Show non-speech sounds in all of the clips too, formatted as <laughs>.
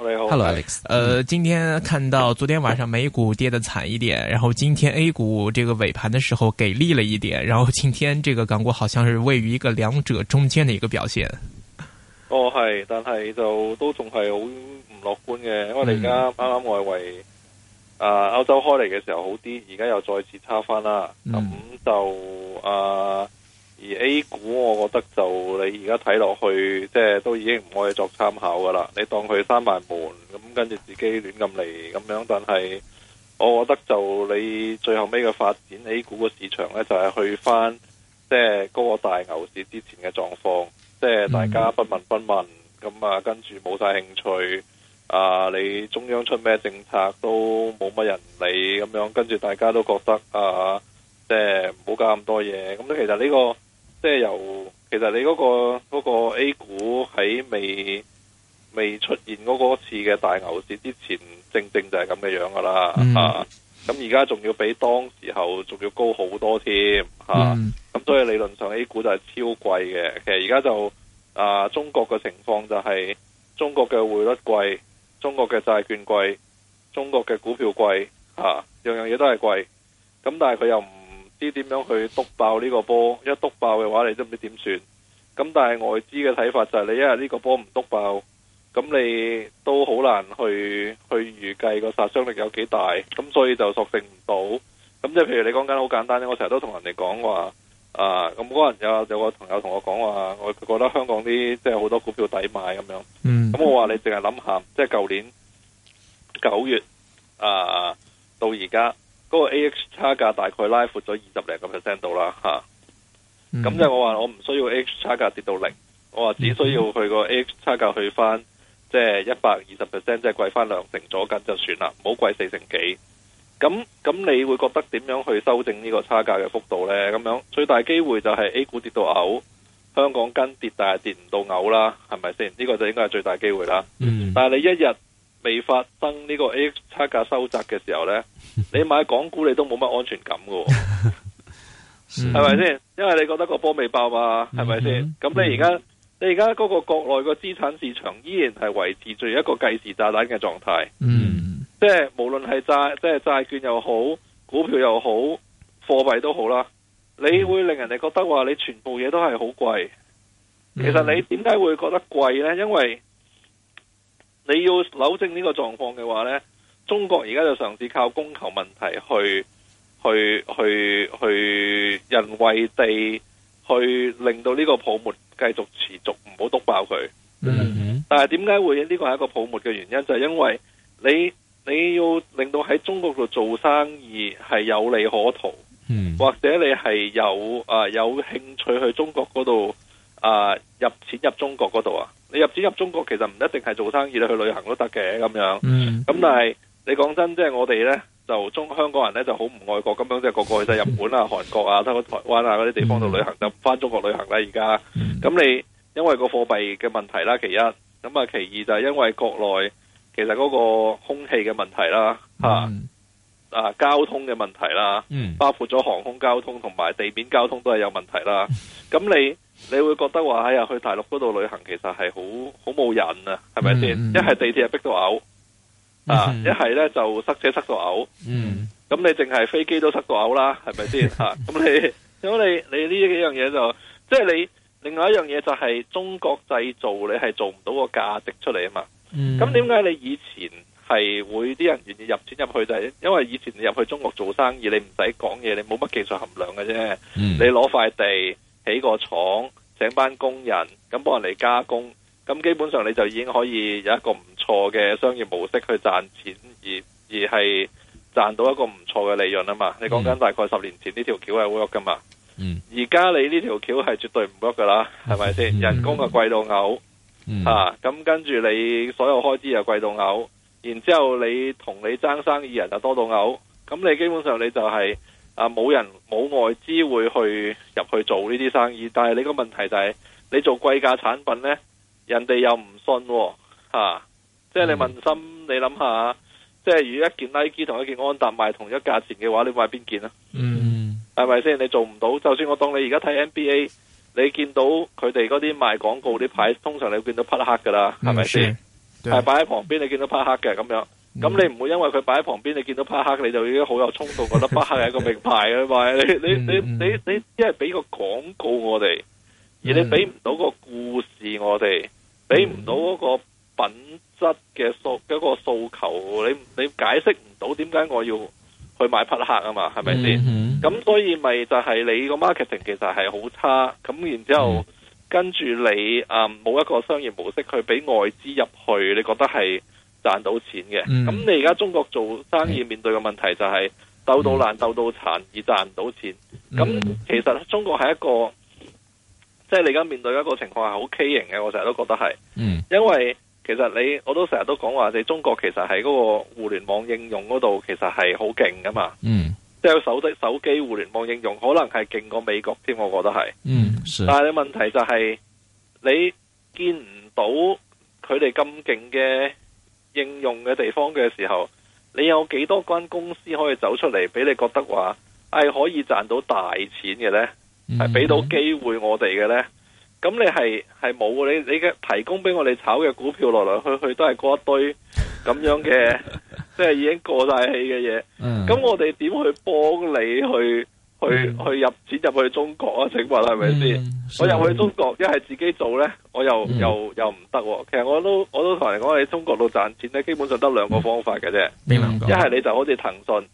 Hello，Alex，、嗯、呃，今天看到昨天晚上美股跌得慘一點，然後今天 A 股這個尾盤的時候給力了一點，然後今天這個港股好像是位於一個兩者中間的一個表現。哦，係，但係就都仲係好唔樂觀嘅，因為你而家啱啱外圍啊、呃、歐洲開嚟嘅時候好啲，而家又再次差返啦，咁、嗯、就啊。呃而 A 股，我覺得就你而家睇落去，即係都已經唔可以作參考噶啦。你當佢閂埋門咁，跟住自己亂咁嚟咁樣，但係我覺得就你最後尾嘅發、嗯、發展，A 股個市場呢就係去翻即係嗰個大牛市之前嘅狀況，即係大家不聞不問咁啊，跟住冇晒興趣啊，你中央出咩政策都冇乜人理咁樣，跟住大家都覺得啊，即係唔好搞咁多嘢。咁其實呢個即係由，其實你嗰個嗰個 A 股喺未未出現嗰個次嘅大牛市之前，正正就係咁嘅樣噶啦，吓咁而家仲要比當時候仲要高好多添，吓咁所以理論上 A 股就係超貴嘅。其實而家就啊，中國嘅情況就係中國嘅匯率貴，中國嘅債券貴，中國嘅股票貴，吓樣樣嘢都係貴，咁但係佢又唔。知點樣去篤爆呢個波？一篤爆嘅話，你都唔知點算。咁但係外資嘅睇法就係、是，你一日呢個波唔篤爆，咁你都好難去去預計個殺傷力有幾大。咁所以就索性唔到。咁即係譬如你講緊好簡單啫，我成日都同人哋講話啊。咁嗰日有有個朋友同我講話，我佢覺得香港啲即係好多股票抵買咁樣。咁、嗯、我話你淨係諗下，即係舊年九月啊到而家。嗰個 AH 差價大概拉闊咗二十零個 percent 度啦，咁、啊 mm -hmm. 就我話我唔需要 AH 差價跌到零，我話只需要去個 AH 差價去翻即係一百二十 percent，即係貴翻兩成左近就算啦，唔好貴四成幾。咁咁你會覺得點樣去修正呢個差價嘅幅度呢？咁樣最大機會就係 A 股跌到嘔，香港跟跌但係跌唔到嘔啦，係咪先？呢個就應該係最大機會啦。Mm -hmm. 但係你一日，未發生呢個 A X 差價收窄嘅時候呢，你買港股你都冇乜安全感喎、哦，係咪先？因為你覺得個波未爆嘛，係咪先？咁你而家你而家嗰個國內個資產市場依然係維持住一個計時炸彈嘅狀態，即 <laughs> 係無論係債即係債券又好，股票又好，貨幣都好啦，你會令人哋覺得話你全部嘢都係好貴。其實你點解會覺得貴呢？因為你要扭正呢個狀況嘅話呢中國而家就嘗試靠供求問題去去去去人為地去令到呢個泡沫繼續持續，唔好篤爆佢。Mm -hmm. 但係點解會呢、呢個係一個泡沫嘅原因？就係、係、因為你你要令到喺中國度做生意係有利可圖，mm -hmm. 或者你係有啊、呃、有興趣去中國嗰度、呃、入錢入中國嗰度啊？你入錢入中國其實唔一定係做生意啦，去旅行都得嘅咁樣。咁但係你講真，即係我哋呢就中香港人呢就好唔愛國咁樣，即係個個去晒日本啊、韓國啊、睇下台灣啊嗰啲地方度旅行，就唔返中國旅行啦而家。咁你因為個貨幣嘅問題啦，其一咁啊，其二就係因為國內其實嗰個空氣嘅問題啦，吓。啊，交通嘅問題啦，嗯、包括咗航空交通同埋地面交通都係有問題啦。咁你你會覺得話，哎呀，去大陸嗰度旅行其實係好好冇癮啊，係咪先？一、嗯、係地鐵係逼到嘔，嗯、啊！一係咧就塞車塞到嘔，嗯。咁、嗯、你淨係飛機都塞到嘔啦，係咪先？吓、嗯，咁、啊、你，咁你你呢幾樣嘢就，即、就、係、係、你另外一樣嘢就係中國製造，你係做唔到個價值出嚟啊嘛。咁點解你以前？係會啲人願意入錢入去就係、是，因為以前你入去中國做生意，你唔使講嘢，你冇乜技術含量嘅啫、嗯。你攞塊地起個廠，請班工人咁幫人嚟加工，咁基本上你就已經可以有一個唔錯嘅商業模式去賺錢，而而係賺到一個唔錯嘅利潤啊嘛。你講緊大概十年前呢條橋係 work 噶嘛？嗯、而家你呢條橋係絕對唔 work 噶啦，係咪先？人工貴偶、嗯、啊貴到嘔，吓咁跟住你所有開支又貴到嘔。然之後你同你爭生意人就多到嘔，咁你基本上你就係、是、啊冇人冇外資會去入去做呢啲生意，但係你個問題就係、是、你做貴價產品呢，人哋又唔信吓、哦啊，即係你問心，嗯、你諗下，即係如果一件 Nike 同一件安踏賣同一價錢嘅話，你買邊件啊？嗯，係咪先？你做唔到，就算我當你而家睇 NBA，你見到佢哋嗰啲賣廣告啲牌，通常你會見到匹克噶啦，係咪先？係擺喺旁邊，你見到匹克嘅咁樣，咁你唔會因為佢擺喺旁邊，你見到匹克，你就已經好有衝動，覺得匹克係一個名牌啊嘛？ <laughs> 你你你你你只係俾個廣告我哋、嗯，而你俾唔到個故事我哋，俾唔到嗰個品質嘅訴、嗰個訴求，你你解釋唔到點解我要去買匹克啊嘛？係咪先？咁、嗯、所以咪就係你個 marketing 其實係好差，咁然之後。嗯跟住你啊，冇、嗯、一個商業模式去俾外資入去，你覺得係賺到錢嘅？咁、嗯、你而家中國做生意面對嘅問題就係鬥到爛、鬥到殘、嗯、而賺唔到錢。咁、嗯、其實中國係一個即係、就是、你而家面對一個情況係好畸形嘅，我成日都覺得係。嗯，因為其實你我都成日都講話，你中國其實喺嗰個互聯網應用嗰度其實係好勁噶嘛。嗯，即係手手機互聯網應用可能係勁過美國添，我覺得係。嗯。但係問題就係、是，你見唔到佢哋咁勁嘅應用嘅地方嘅時候，你有幾多間公司可以走出嚟，俾你覺得話係可以賺到大錢嘅呢？係俾到機會我哋嘅呢？咁、嗯、你係係冇？你你嘅提供俾我哋炒嘅股票，來來去去都係嗰一堆咁樣嘅， <laughs> 即係已經過晒氣嘅嘢。咁、嗯、我哋點去幫你去？去去入錢入去中國啊！請問係咪先？我入去中國一係自己做呢，我又、嗯、又又唔得、啊。其實我都我都同人講喺中國度賺錢呢，基本上得兩個方法嘅啫。一、嗯、係你就好似騰訊，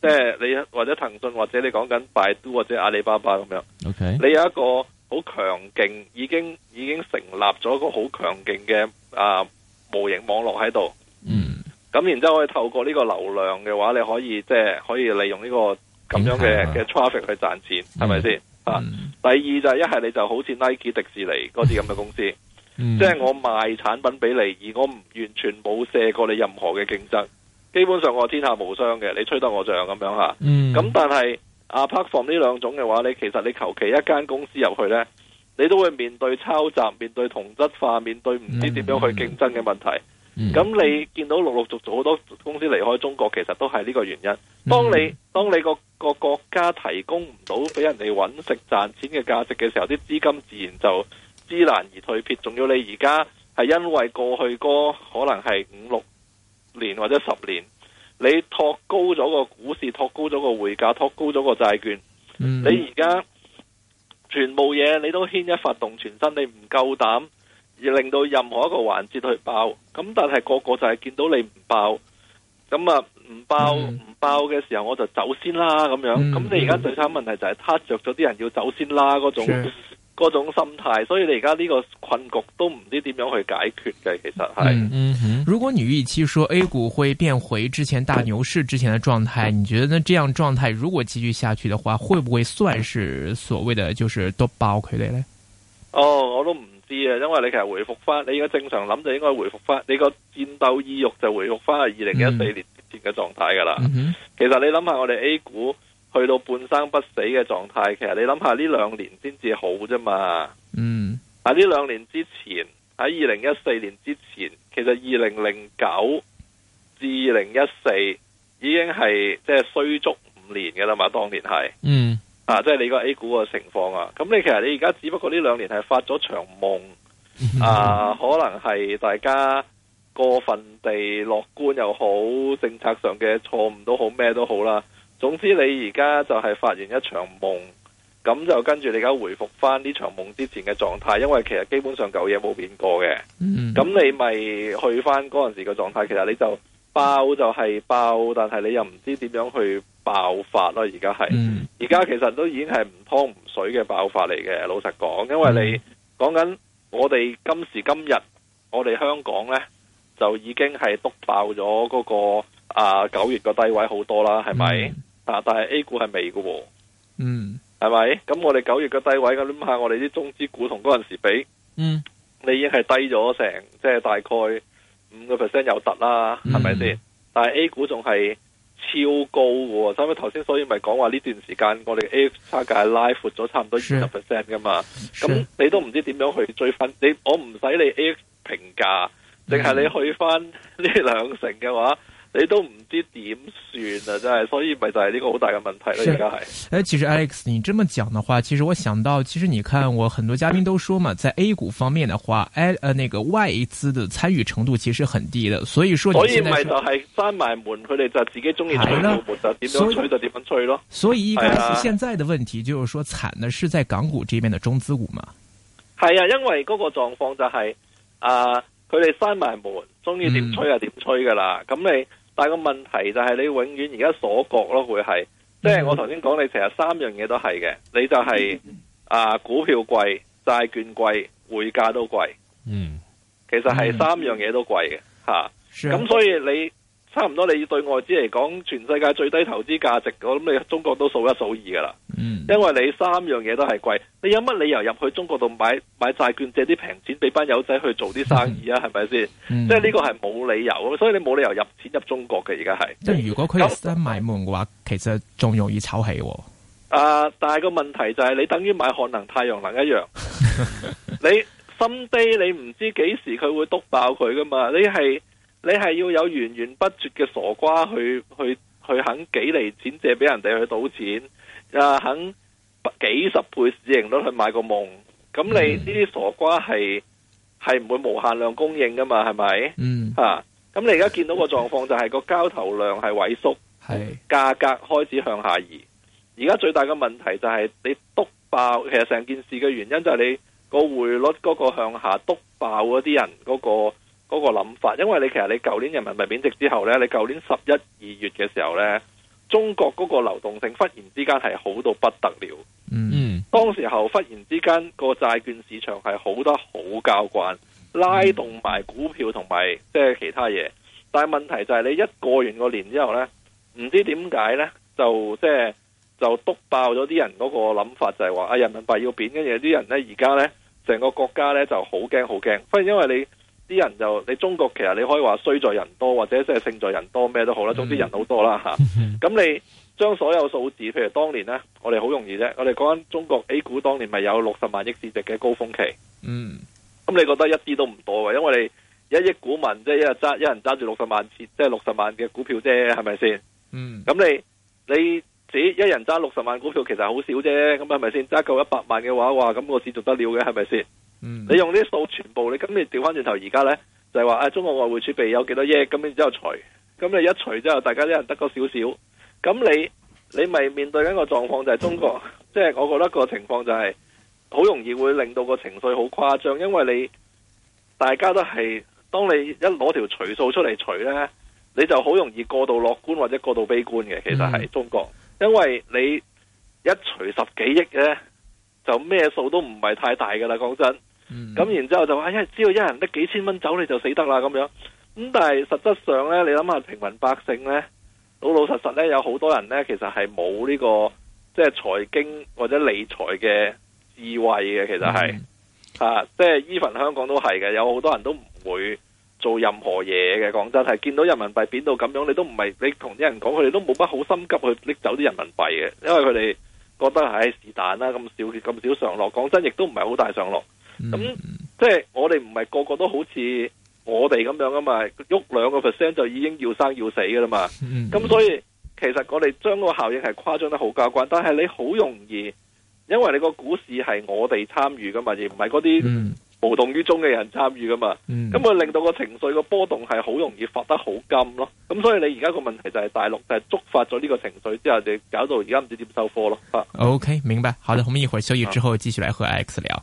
即係你或者騰訊或者你講緊百度或者阿里巴巴咁樣。Okay. 你有一個好強勁，已經已經成立咗一個好強勁嘅啊模型網絡喺度。嗯。咁然之後我透過呢個流量嘅話，你可以即係可以利用呢、這個。咁樣嘅嘅 traffic 去賺錢，係咪先？第二就係一係你就好似 Nike、迪士尼嗰啲咁嘅公司，嗯、即係我賣產品俾你，而我唔完全冇卸過你任何嘅競爭，基本上我天下無雙嘅，你吹得我像咁樣嚇。咁、嗯、但係 apart from 呢兩種嘅話，你其實你求其一間公司入去呢，你都會面對抄襲、面對同質化、面對唔知點樣去競爭嘅問題。嗯嗯嗯咁、嗯、你見到陸陸續續好多公司離開中國，其實都係呢個原因。當你當你個個國家提供唔到俾人哋搵食賺錢嘅價值嘅時候，啲資金自然就知難而退。撇，仲要你而家係因為過去嗰可能係五六年或者十年，你托高咗個股市，托高咗個匯價，托高咗個債券，嗯、你而家全部嘢你都牽一髮動全身，你唔夠膽。而令到任何一個環節都去爆咁，但係個個就係見到你唔爆咁啊，唔爆唔、嗯、爆嘅時候我就走先啦。咁、嗯、樣咁，嗯、咁你而家最慘問題就係撻着咗啲人要走先啦嗰種嗰種心態，所以你而家呢個困局都唔知點樣去解決嘅。其實係、嗯嗯。如果你預期說 A 股會變回之前大牛市之前嘅狀態，你覺得呢？這樣狀態如果繼續下去嘅話，會不會算是所謂的就是都爆佢哋呢？哦，我都唔。因為你其實回復翻，你應該正常諗就應該回復翻，你個戰鬥意欲就回復翻係二零一四年之前嘅狀態噶啦。Mm -hmm. 其實你諗下，我哋 A 股去到半生不死嘅狀態，其實你諗下呢兩年先至好啫嘛。嗯，喺呢兩年之前，喺二零一四年之前，其實二零零九至二零一四已經係即係衰足五年噶啦嘛，當年係。Mm -hmm. 啊，即係你個 A 股個情況啊！咁你其實你而家只不過呢兩年係發咗場夢，啊，可能係大家過分地樂觀又好，政策上嘅錯誤都好，咩都好啦。總之你而家就係發完一場夢，咁就跟住你而家回復翻呢場夢之前嘅狀態，因為其實基本上舊嘢冇變過嘅。咁你咪去翻嗰陣時嘅狀態，其實你就爆就係爆，但係你又唔知點樣去，爆發啦！而家係，而家其實都已經係唔湯唔水嘅爆發嚟嘅。老實講，因為你講緊、嗯、我哋今時今日，我哋香港呢，就已經係督爆咗嗰、嗰個啊，九月嘅低位好多啦，係咪、嗯、啊？但係 A 股係未嘅，嗯，係咪？咁我哋九月嘅低位咁諗下，我哋啲中資股同嗰陣時比，嗯，你已經係低咗成即係大概五個 percent 有突啦，係咪先？但係 A 股仲係，超高喎，所以頭先所以咪講話呢段時間，我哋 A 差價係拉闊咗差唔多二十 percent 噶嘛，咁你都唔知點樣去追分，我你我唔使你 A 評價，淨係你去翻呢兩成嘅話。你都唔知點算啊！真係，所以咪就係呢個好大嘅問題咯。而家係，誒，其實 Alex，你這麼講嘅話，其實我想到，其實你看，我很多嘉賓都說嘛，在 A 股方面嘅話，誒、哎，誒、呃，那個外資嘅參與程度其實很低嘅。所以說，你說，所以咪就係閂埋門，佢哋就自己中意吹、啊、吹就吹，就點樣吹就點樣吹咯。所以，一開始現在嘅問題就是說，慘的是在港股這邊嘅中資股嘛。係啊，因為嗰個狀況就係、是，啊、呃，佢哋閂埋門，中意點吹就點吹噶啦，咁、嗯、你。但係個問題就係你永遠而家所覺咯，會係，即係我頭先講你成日三樣嘢都係嘅，你就係啊股票貴、債券貴、匯價都貴，嗯，其實係三樣嘢都貴嘅吓，咁所以你。差唔多，你要對外資嚟講，全世界最低投資價值，我諗你中國都數一數二噶啦。嗯，因為你三樣嘢都係貴，你有乜理由入去中國度買買債券借啲平錢俾班友仔去做啲生意啊？係咪先？即係呢個係冇理由，所以你冇理由入錢入中國嘅。而家係。即係如果佢新埋門嘅話，其實仲容易炒起、啊。啊、呃、但係個問題就係你等於買漢能太陽能一樣， <laughs> 你心低，你唔知幾時佢會督爆佢噶嘛？你係。你係要有源源不絕嘅傻瓜去去去肯幾厘錢借俾人哋去賭錢，啊，肯幾十倍市盈率去買個夢，咁、嗯、你呢啲傻瓜係係唔會無限量供應噶嘛？係咪？嗯、吓、啊，咁你而家見到個狀況就係個交投量係萎縮，係價格開始向下移。而家最大嘅問題就係你督爆，其實成件事嘅原因就係你個匯率嗰個向下督爆嗰啲人嗰、嗰個。嗰、嗰個諗法，因為你其實你舊年人民幣貶值之後呢，你舊年十一二月嘅時候呢，中國嗰個流動性忽然之間係好到不得了，嗯、mm -hmm.，當時候忽然之間個債券市場係好得好交關，拉動埋股票同埋即係其他嘢，但係問題就係你一過完個年之後呢，唔知點解呢，就即係就督爆咗啲人嗰個諗法，就係話啊人民幣要貶，跟住嘢，啲人呢，而家呢，成個國家呢就好驚好驚，因為因為你。啲人就你中國其實你可以話衰在人多或者即係勝在人多咩都好啦，總之人好多啦吓。咁 <laughs> 你將所有數字，譬如當年呢，我哋好容易啫。我哋講緊中國 A 股當年咪有六十萬億市值嘅高峰期。嗯，咁你覺得一啲都唔多嘅，因為你一億股民即係一日揸一人揸住六十萬支，即係六十萬嘅股票啫，係咪先？嗯，咁你你自己一人揸六十萬股票其實好少啫，咁係咪先？揸夠一百萬嘅話，哇，咁個市仲得了嘅係咪先？是嗯，你用啲數全部你，咁你調翻轉頭而家呢，就係話啊，中國外匯儲備有幾多億，咁然之後除，咁你一除之後，大家人得嗰少少，咁你你咪面對緊個狀況就係、是、中國，即、嗯、係、就是、我覺得個情況就係、是、好容易會令到個情緒好誇張，因為你大家都係，當你一攞條除數出嚟除呢，你就好容易過度樂觀或者過度悲觀嘅，其實係、嗯、中國，因為你一除十幾億呢，就咩數都唔係太大噶啦，講真。咁、嗯、然之後就話，只要一人得幾千蚊走你就死得啦咁樣。咁但係實質上呢，你諗下平民百姓呢，老老實實呢，有好多人呢，其實係冇呢個即係財經或者理財嘅智慧嘅。其實係、嗯、啊，即係 even 香港都係嘅，有好多人都唔會做任何嘢嘅。講真係，見到人民幣貶到咁樣，你都唔係你同啲人講，佢哋都冇乜好心急去拎走啲人民幣嘅，因為佢哋覺得係是但啦，咁、哎、少咁少上落，講真亦都唔係好大上落。咁、嗯嗯、即係我哋唔係個個都好似我哋咁樣㗎嘛，喐兩個 percent 就已經要生要死噶啦嘛。咁、嗯、所以其實我哋將個效應係誇張得好交關，但係你好容易，因為你個股市係我哋參與噶嘛，而唔係嗰啲無動於衷嘅人參與噶嘛。咁、嗯、佢、嗯、令到個情緒個波動係好容易發得好甘咯。咁所以你而家個問題就係大陸就係觸發咗呢個情緒之後，就搞到而家唔知點收科咯。o、okay, k 明白。好的，我們一會休息之後繼續來和 X 聊。